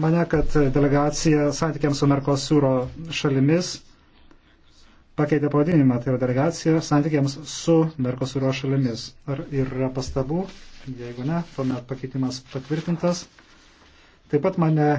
mane, kad delegacija santykiams su Merkosūro šalimis pakeitė pavadinimą, tai yra delegacija santykiams su Merkosūro šalimis. Ar yra pastabų? Jeigu ne, tuomet pakeitimas patvirtintas. Taip pat mane